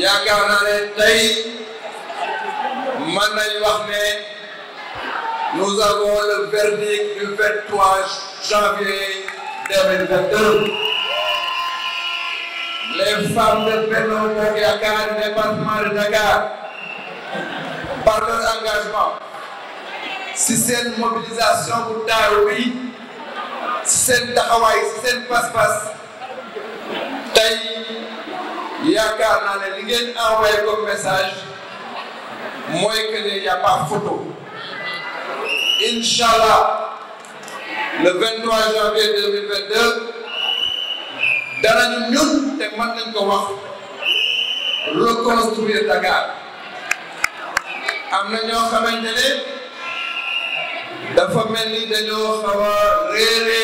yaakaar naa ne tey mën nañu wax ne nous avons le verdict du 23 janvier 2022 les femmes de Benno Bokk Yaakaar département de Dakar par leur engagement si seen mobilisation bu taaru bi si seen taxawaay si seen pas yaakaar naa ne li ngeen envoyé comme message mooy que ne y a pas photo inchallah le 23 janvier 2022 danañu ñun te mën nañ ko wax reconstruire Dakar am na ñoo xamante ne dafa mel ni dañoo xaw a réeré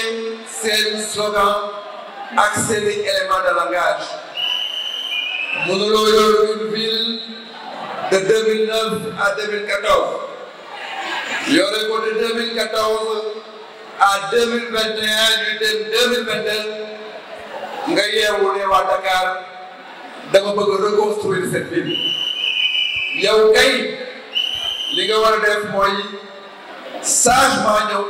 seen slogan ak seeni élément de langage mënuloo yor une ville de 2009 à 2014 yore ko de 2014 à 2021 ñu dem nga yeewu ne waa Dakar dama bëgg a reconstruire cette ville yow kay li nga war a def mooy sagement ñëw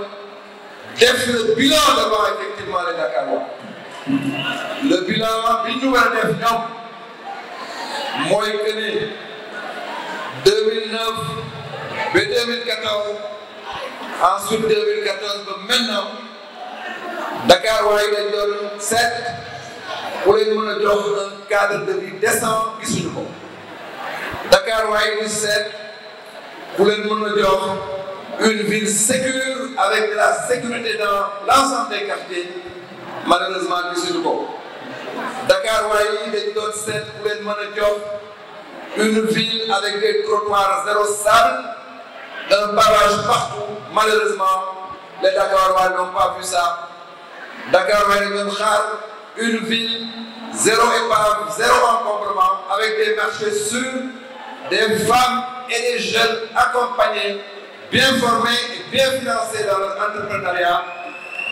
def le bilan d'abord bi ñu war a def ñoom ba 2014 ensuite 2014 ba maintenant waaye dañ doon seet. ku leen mën a un cadre de vie décent gisuñu ko Dakar waaye ñu seet ku leen mën a jox une sécure avec la sécurité dans l'ensemble des quartiers malheureusement gisuñu ko Dakar waaye yi dañu doon ku leen mën a jox une avec des trottoirs zéro sable un barrage partout malheureusement les Dakarois n'ont pas vu Dakar waaye dañu doon xaar une ville zéro épave, zéro encombrement, avec des marchés sûrs, des femmes et des jeunes accompagnés, bien formés et bien financés dans leur entrepreneuriat.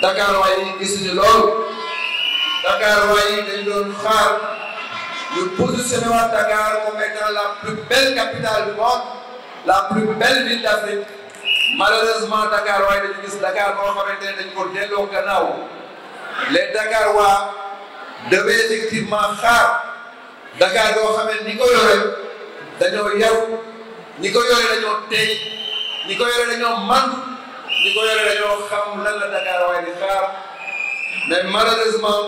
Dakar Wayi gisuñu loolu Dakar Wayi dañu doon xaar ñu positionné la plus belle capitale du monde la plus belle ville d'Afrique malheureusement Dakar Wayi dañu gis Dakar boo xamante ne dañu ko delloo les Dakar waa. devait effectivement xaar Dakar yoo xam ne ni ko yore dañoo yaru ñi ko yore dañoo tey ñi ko yore dañoo man ñi ko yore dañoo xam lan Dakar waaye di xaar mais malheureusement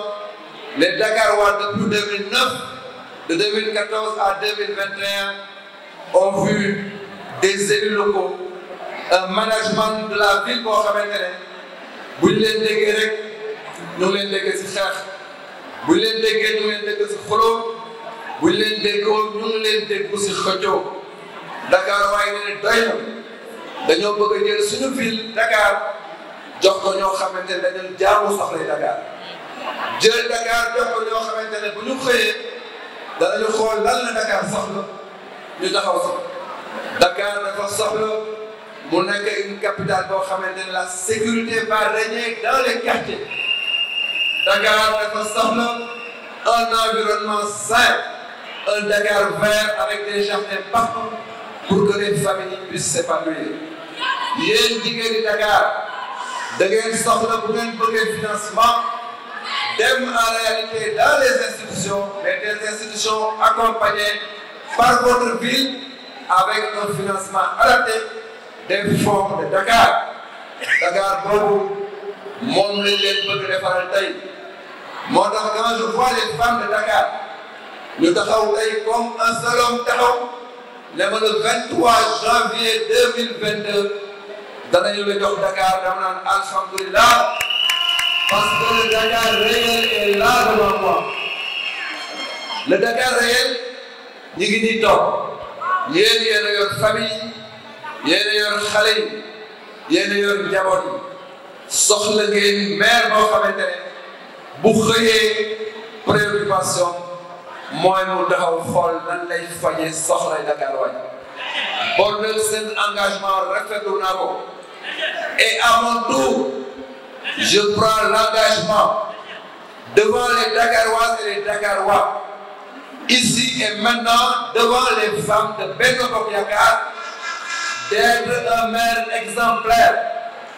les Dakar waa depuis 2009 de 2014 à 2021 ont vu des élus locaux management de la ville boo xamante ne bu ñu leen déggee rek ñu leen déggee si xeex. buñ leen déggee ñu leen dégg si xuloo buñ leen déggoo ñu ngi leen dégg si xëccoo Dakar waaye ne doy dañoo bëgg a jël suñu ville Dakar jox ko ñoo xamante ne dañu jaamu soxla Dakar jël Dakar jox ko ñoo xamante ne bu ñu xëyee danañu xool lan la Dakar soxla ñu taxaw soxla Dakar dafa soxla mu nekk une boo xamante ne la sécurité va régner dans les quartiers. Dakar dafa soxla un environnement sain un Dakar vert avec des jardins partout pour que les familles puissent s'épanouir yéen jigéen ñi Dakar da ngeen soxla bu ngeen bëggee financement dem en réalité dans les institutions mais des institutions accompagnées par votre ville avec un financement adapté des fonds de Dakar Dakar boobu moom lañ leen bëgg defaral tey moo tax quand je vois les femmes de Dakar ñu taxaw tey comme un salon taxaw ne ma le 23 janvier 2022 danañu la jox Dakar dama naan alhamdulilah parce que le Dakar réel est là devant moi le Dakar réel ñu ngi nii toog yéen yéen a yor famille yéen a yor xale yi yéen a yor njaboot yi soxla ngeen maire boo xamante ne bu xëyee préoccupation mooy mu taxaw xool nan lay faje soxlay Dakar waay bon nag seen engagement rafetlu naa et avant tout je prends l'engagement devant les Dakarois et les Dakarois ici et maintenant devant les femmes de Benno Bokk Yakaar d'être un maire exemplaire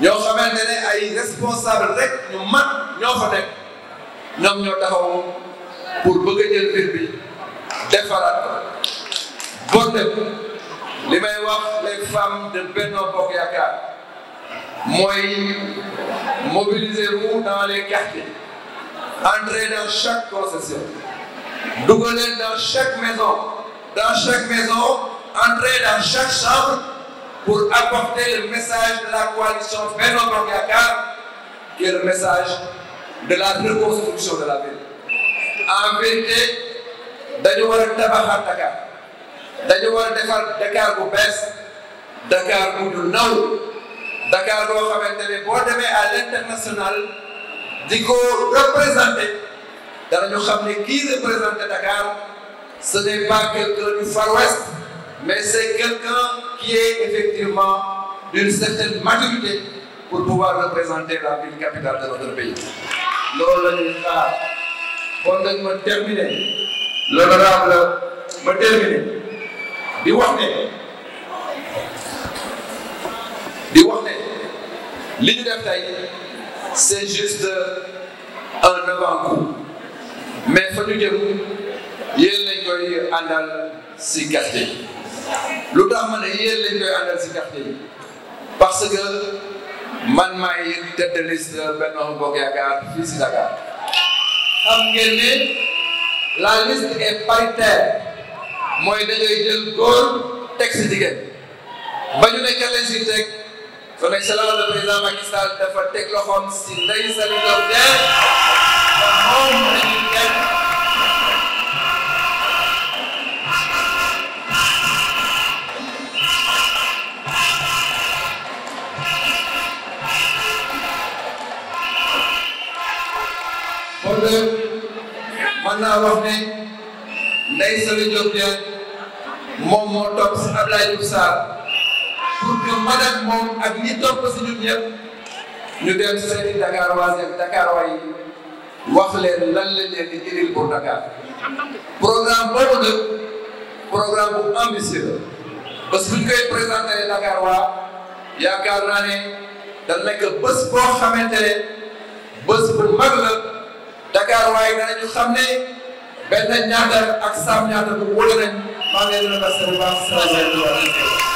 ñoo xamante ne ay responsable rek ñu mag ñoo fa ñoom ñoo taxaw pour bëgg a jël mbir bi defaraat ko bon li may wax les femmes de Benno Bokk Yaakaar mooy mobilisez-vous dans les quartiers entrez dans chaque concession dugg leen dans chaque maison dans chaque maison entrez dans chaque chambre pour apporter le message de la coalition Benno Bokk Yakaar qui est le message de la reconstruction de la ville en vérité dañu war a tabaxaat Dakar dañu war a defar Dakar bu bees Dakar bu ñu naw Dakar boo xamante ne boo demee à l'international di ko représenté danañu xam ne kii représenté Dakar ce n'est pas quelqu'un du Far West mais c'est quelqu'un qui est effectivement d'une certaine maturité pour pouvoir représenter la ville capitale de notre pays. loolu la ñuy xaar kon nag terminer l'honorable ma terminer di wax ne di ñu def tey c'est juste un avant-goût mais fa ñu jëm yéen lañ koy àndal si quartier lu tax ma ne yéen lañ koy àndal si quartier yi parce que man maay tête de liste Benno Bokk Yaakaar fii si Dakar xam ngeen ne la liste est paritaire mooy dañuy jël góor teg si jigéen ba ñu nekk lañ si teg son excellence le dafa teg si Ndeye Saly Diop de moom Ndeye Saly Diop Dieng moom moo topp si Abdoulaye Diouf Sarr pour que madame moom ak ñi topp si ñun ñu dem seeti Dakar waa Zane Dakar waay wax leen lan lañ leen di indil pour Dakar programme boobu nag programme bu ambitieux parce que bu ñu koy présenté Dakar waa yaakaar naa ne dañ nekk bés boo xamante ne bu mag la Dakar waay danañu xam ne. benn ñaatar ak saam ñaatar bu wóor a maa ngi leen di remercier bu baax.